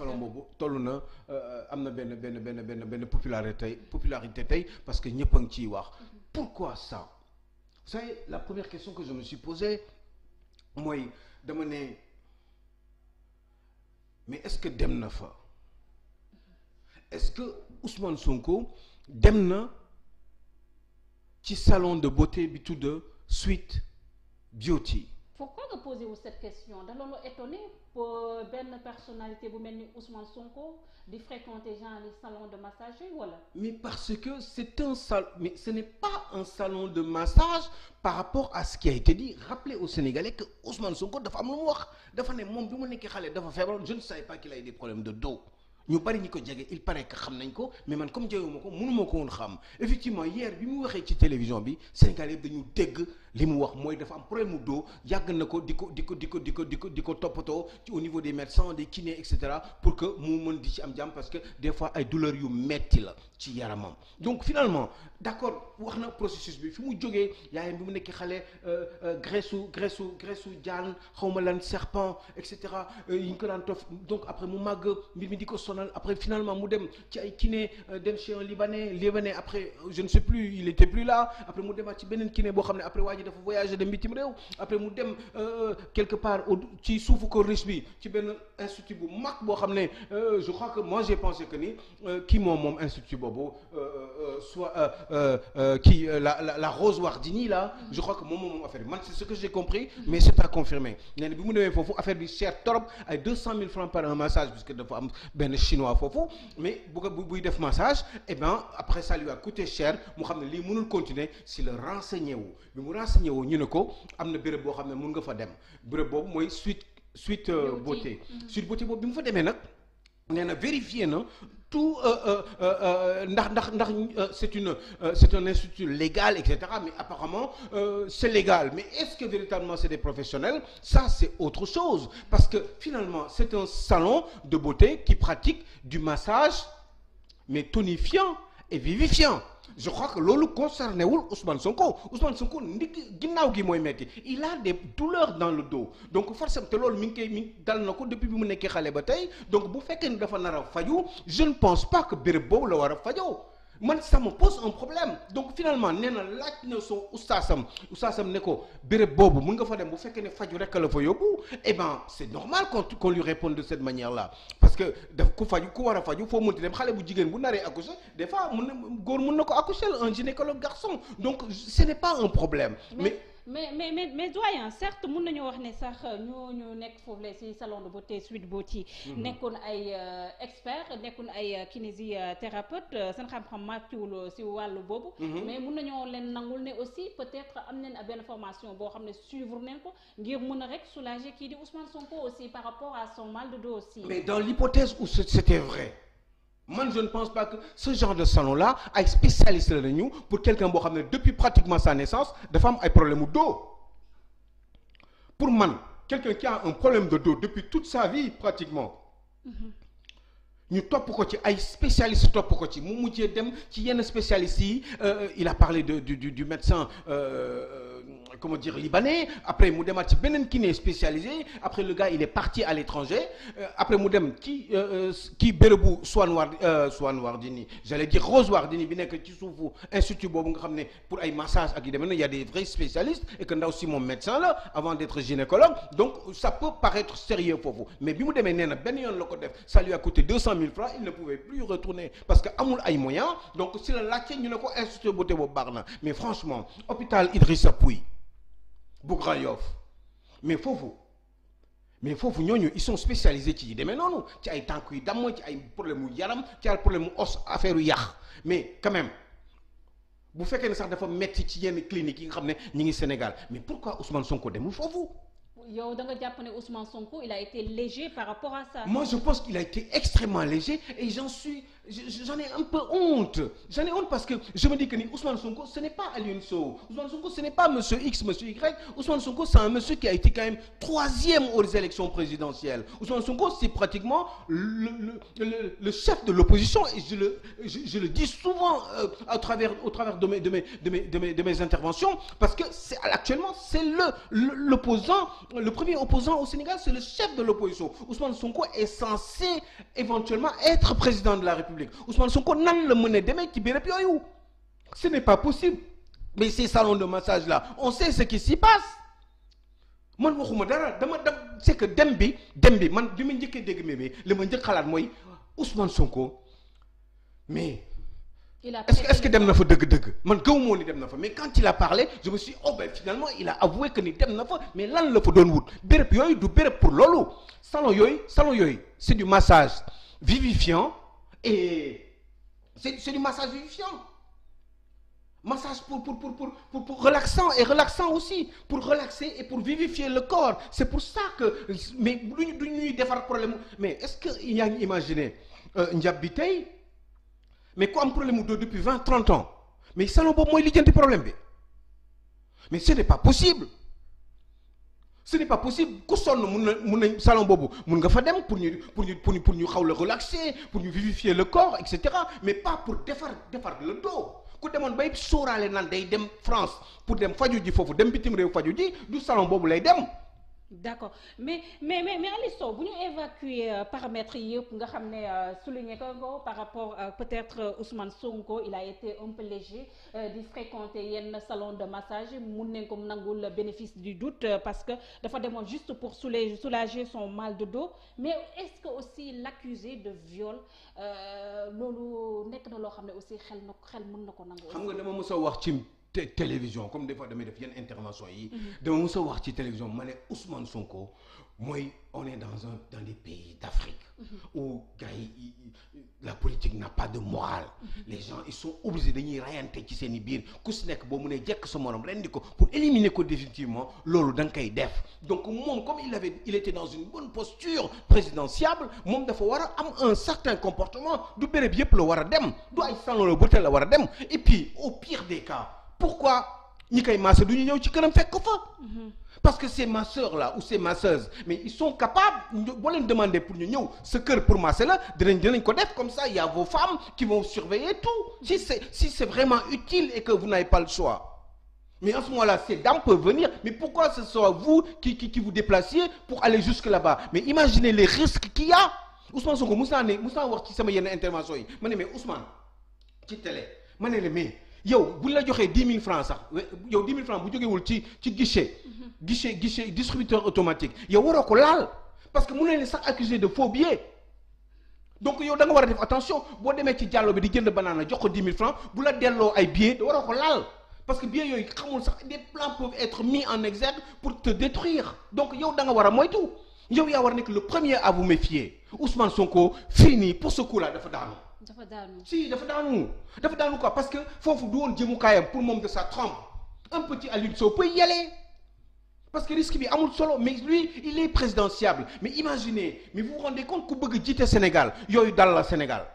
salon boobu toll na euh, am na benn benn benn benn benn popularité popularité tey parce que ñëpp a ngi ciy wax pourquoi ça vous savez la première question que je me suis posée mooy dama ne mais est-ce que dem na fa est-ce que ousman Sonko dem na ci salon de beauté bi tudd Sweet Beauty pourquoi nga posé wu cette question da loolu étonné pour benn personnalité bu mel ni Ousmane Sonko di fréquenter genre les salons de massage yooyu wala. mais parce que c'est un salon mais ce n'est pas un salon de massage par rapport à ce qui a été dit rappelez aux Sénégalais que Ousmane Sonko dafa am lu mu wax dafa ne moom bi mu nekkee xale dafa feebaroon je ne savais pas qu'il avait des problèmes de dos. ñu bari ñi ko jege il paraît que xam nañ ko mais man comme jegewuma ko mënuma ko woon xam effectivement hier bi mu waxee ci télévision bi Sénégal yëpp dañu dégg li mu wax mooy dafa am problème mu doo yàgg na ko di ko di ko di ko di ko di ko di ko toppatoo ci au niveau des médecins des kinés et cetera pour que mu mën di ci am jàmm parce que des fois ay douleurs yu metti la ci yaramam donc finalement d'accord wax na processus bi fi mu jógee yaayam bi mu nekk xale euh, euh, graisse u graisse u graisse u jaan xawma lan serpent et cetera euh, yi ñu ko daan tof donc après mu màgg mbir mi di ko sonal après finalement mu dem ci ay kiné dem chez un ji dafa voyagé après mu dem euh, euh, quelque part au ci suufu ko riche bi ci benn institut bu mag boo xam ne euh, je crois que moi j'ai pensé que ni kii moom moom institut boobu soit kii la la la Rose Wardini là mm. je crois que moom moom affaire bi man c'est ce que j'ai compris mm. mais c'est à confirmer nee na bi mu demee foofu affaire bi cher trop ay deux cent mille francs par un massage puisque dafa am benn chinois foofu mais bu ko def massage et eh ben après ça lui xam ne lii mënul continuer si le renseigné renseigné woo ñu ne ko am na béréb boo xam ne mun nga fa dem béréb boobu mooy suite suite beauté suite beauté boob bi mu fa demee nag nee na vérifié na tout euh, euh, euh, ndax ndax ndax c'est une c'est un institut légal et cetera mais apparemment euh, c'est légal mais est-ce que véritablement c'est des professionnels ça c'est autre chose parce que finalement c'est un salon de beauté qui pratique du massage mais tonifiant et vivifiant je crois que loolu concerné wul Ousmane Sonko Ousmane Sonko ndig ginnaaw gi mooy metti il a des douleurs dans le dos donc forcément te loolu mi ngi koy mi dal na ko depuis bi mu nekkee xale ba tey donc bu fekkee ni dafa nar a faju je ne pense pas que béréb boobu la war a fajoo man sama me pose un problème donc finalement nee na laaj na soo oustasam oustasam ne ko béréb boobu mun nga fa dem bu fekkee ne faju rek la fa yóbbu eh ben c'est normal qu'on qu'on lui réponde de cette manière là parce que daf ku faju ku war a faju foo mënti dem xale bu jigéen bu naree accoucher des fois mën na góor mën na ko accoucher un gynécologue garçon donc ce n'est pas un problème mais mais mais mais mais doyen certes mun nañoo wax ne sax ñooñu nekk foofu la ci salon de beauté Sweet Beauty mhm. nekkoon ay euh, expert nekkoon ay euh, kinésithérapeute euh, seen xam-xam màcciwul ci wàllu boobu mhm. mais mun nañoo leen nangul ne aussi peut-être am nañ benn formation boo xam ne suivre nañ ko ngir mën a rek soulager kii di Ousmane Sonko aussi par rapport à son mal de dos aussi mais dans l'hypothèse où c'était vrai man je ne pense pas que ce genre de salon là ay spécialiste la ñu pour quelqu'un boo xam ne depuis pratiquement sa naissance dafa am ay problème d'eau pour man quelqu'un qui a un problème de dos depuis toute sa vie pratiquement ñu topp ko ci ay spécialistes topp ko ci mu mujjee dem ci yenn spécialistes yi euh, euh, il a parlé de du du, du médecin euh, comment dire libanais après a demaat ci beneen kiné spécialisé après le gars il est parti à l'étranger euh, après mu dem ci euh, euh, kii bérébu Soham Ward Soham Wardini j'allais dire Rose Wardini bi nekk ci suufu institut boobu nga xam ne pour ay massage ak yu y a des vrais spécialistes et que ndaw si moom médecin la avant d'être gynécologue donc ça peut paraître sérieux foofu mais bi mu demee nee na benn yoon la ko def ça lui a coûté deux cent mille francs il ne pouvait plus retourner ay moyens donc ne ko institut boobu baax na mais franchement hôpital Idrissa bu Grand Yoff mais foofu mais foofu ñooñu ils sont spécialisés ci yi demee noonu ci ay tànk yu damm ci ay problème mu yaram ci ay problème mu os affaire yu yàq mais quand même bu fekkee ne sax dafa metti ci yenn clinique yi nga xam ne ñi ngi Sénégal mais pourquoi Ousmane Sonko demul foofu. yow da nga jàpp ne Ousmane Sonko il a été léger par rapport à ça. moi je pense qu'il a été extrêmement léger et j'en suis j'en ai un peu honte j'en ai honte parce que je me dis que ni Ousmane Sonko ce n'est pas Aliou Sow Ousmane Sonko ce n'est pas monsieur X monsieur Y Ousmane Sonko c'est un monsieur qui a été quand même troisième aux élections présidentielles Ousmane Sonko c'est pratiquement le le le, le chef de l'opposition et je le je, je le dis souvent euh, à travers au travers de mes de mes de mes de mes, de interventions parce que c'est actuellement c'est le premier opposant au Sénégal c'est le chef de l'opposition Ousmane la République République Ousmane Sonko nan la mën a demee ci béréb yooyu ce n'est pas possible mais ces salons de massage là on sait ce qui s'y passe man waxuma dara dama dem c'est que dem bi dem bi man bi ma njëkkee dégg mais li ma njëkk xalaat mooy Ousmane Sonko mais. il a est-ce que est que dem na fa dëgg-dëgg man gëw moo ni dem na fa mais quand il a parlé je me suis dit oh ben finalement il a avoué que ni dem na fa mais lan la fa doon wut béréb yooyu du béréb pour loolu salon yooyu salon yooyu c'est du massage vivifiant. Et c'est du massage vivifiant. Massage pour, pour, pour, pour, pour, pour, relaxant et relaxant aussi, pour relaxer et pour vivifier le corps. C'est pour ça que. Mais nous défendre problème. Mais est-ce qu'il y a imaginé euh, Ndiabitei, mais quoi un problème de, depuis vingt 30 ans Mais ça n'a pas moins de problème. Mais ce n'est pas possible. ce n'est pas possible ku sonn mun na mun nañ salon boobu mun nga fa dem pour ñu pour ñu pour pour ñu xaw la relaxer pour ñu vivifier la corps et cetera mais pas pour defar defar la dos ku demoon bay sóoraale nan day dem France pour dem faju ji foofu dem bitim réew faju ji du salon boobu lay dem d' accord mais mais mais Aliou Sow bu ñu évacuer euh, paramètres yi yëpp nga xam ne euh, souligné ko ko par rapport euh, peut être Ousmane Sonko il a été un peu léger di fréquenter yenn salon de massage mun nañ ko nangul bénéfice du doute parce que dafa demoon juste pour soulager soulager son mal de dos mais est ce que aussi l' accusé de viol loolu nekk na loo xam ne aussi xel na xel mun na ko nangu. xam nga dama mos a wax ci télévision comme des fois damay def yenn intervention yi. Mm-hmm. dama mës a wax ci télévision ma ne Ousmane Sonko mooy on est dans un dans des pays d'Afrique. Mm-hmm. où gars la politique n'a pas de morale. Mm-hmm. les gens ils sont obligés dañuy rayante ci seen i biir ku si nekk boo mënee jekk sa morom ren di ko pour éliminer ko définitivement loolu da nga koy def donc moom comme il avait il était dans une bonne posture présidentiable moom dafa war a am un certain comportement du béréb yëpp la war a dem du ay salon la bëtel war a dem et puis au pire des pourquoi ñi koy maase du ñu ñëw ci këram fekk ko fa. Mhm. parce que ces masseurs la ou ces masseuses mais ils sont capables boo leen demander pour ñu ñëw sa kër pour masser la dinañ dinañ ko def comme ça il y a vos femmes qui vont surveiller tout si c'est si c'est vraiment utile et que vous n'avez pas le choix mais en ce moment là ces dames peuvent venir mais pourquoi ce soit vous qui vous déplaciez pour aller jusque là-bas mais imaginez les risques qu'il y a Ousmane Sonko mos naa ne ci sama yenn intervention yi ma ne mais Ousmane ma ne la yow bu ñu la joxee dix mille francs sax yow dix mille francs bu jógewul ci ci guichet. Mm-hmm. guichet guichet distributeur automatique yow waroo ko laal parce que mun nañ sax accusé de faux billet donc yow da nga war a def attention boo demee ci jàllo bi di jënd banaana jox ko dix mille francs bu la delloo ay billets da waroo ko laal parce que billets yooyu xamul sax des plans peuvent être mis en exergue pour te détruire donc yow da nga war a moytu yow yaa war nekk le premier à vous méfier Ousmane Sonko fii nii pour ce coup dafa daanu si dafa daanu dafa daanu quoi parce que foofu du woon jëmukaayam pour moom de sa trompe un petit Aliou Sow peut y parce que risque bi amul solo mais lui il est présidentiable mais imaginez mais vous vous compte ku bëgg jiite Sénégal yooyu dal la Sénégal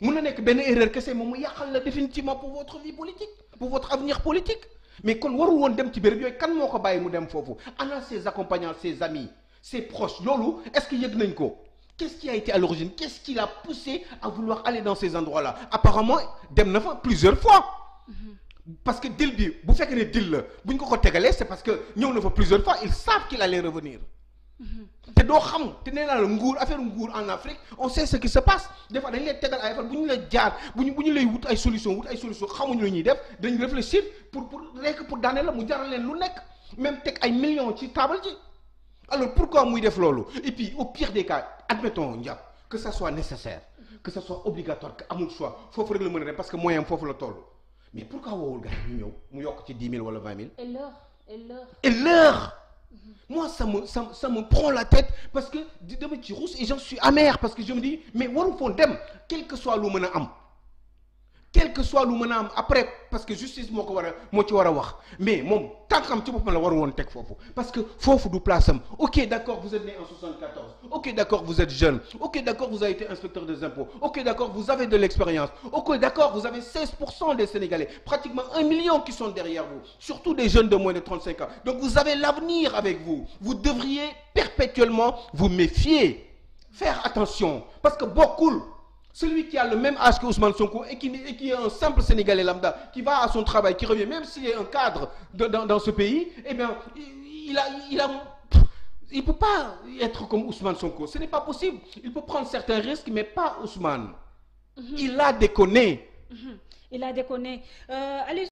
mun na nekk benn erreur kese moom mu yàqal la définitivement pour votre vie politique pour votre avenir politique mais kon warul woon dem ci béréb yooyu kan moo ko bàyyi mu dem foofu ana ses accompagnants ses amis ses proches loolu est-ce que nañ ko. qu'est-ce qui a été à l'origine qu'est-ce qui l'a poussé à vouloir aller dans ces endroits-là apparemment dem na fa plusieurs fois mm-hmm. parce que deal bi bu fekkee ne deal la bu ñu ko ko tegalee c'est parce que ñëw na fa plusieurs fois ils savent qu'il allait revenir mm-hmm. te doo xam te nee naa nguur affaire nguur en Afrique on sait ce qui se passe des fois dañu lay tegal ay affaire bu ñu la jaar bu ñu lay wut ay solution wut ay solution xamuñu lu ñuy def dañu réfléchir pour pour rekk pour daaneel la mu jaral leen lu nekk même teg ay millions ci taabal ji alors muy def loolu et puis au pire admettons njàpp que ça soit nécessaire que ça soit obligatoire que amul choix foofu rek la mën dem parce que moyen foofu la toll mais pourquoi woowul gars yi ñu ñëw mu yokk ci dix mille wala vingt mille. et l'heure et l'heure et l'heure moi ça me ça ça me prend la tête parce que dama ci ruus et j'en suis amer parce que je me dis mais waru foon dem quel que soit lu mën a am. quel que soit lu a am après parce que justice moo ko war a mais moom tànkam ci la war woon teg foofu parce que foofu du place ok d' accord vous êtes né en 74 ok d' accord vous êtes jeune ok d' vous avez été inspecteur des impôts ok d' vous avez de l' ok d' vous avez des Sénégalais pratiquement un million qui sont derrière vous surtout des jeunes de moins de 35 ans donc vous avez l'avenir avec vous vous devriez perpétuellement que bokkul. Celui qui a le même âge que Ousmane Sonko et qui, est un simple Sénégalais lambda, qui va à son travail, qui revient, même s'il est cadre dans, ce pays, eh il, il a... a il ne peut pas être comme Ousmane Sonko. Ce n'est pas possible. Il peut prendre certains risques, mais pas Ousmane. Mhm. Il a déconné. Mm -hmm. Il a déconné. Euh,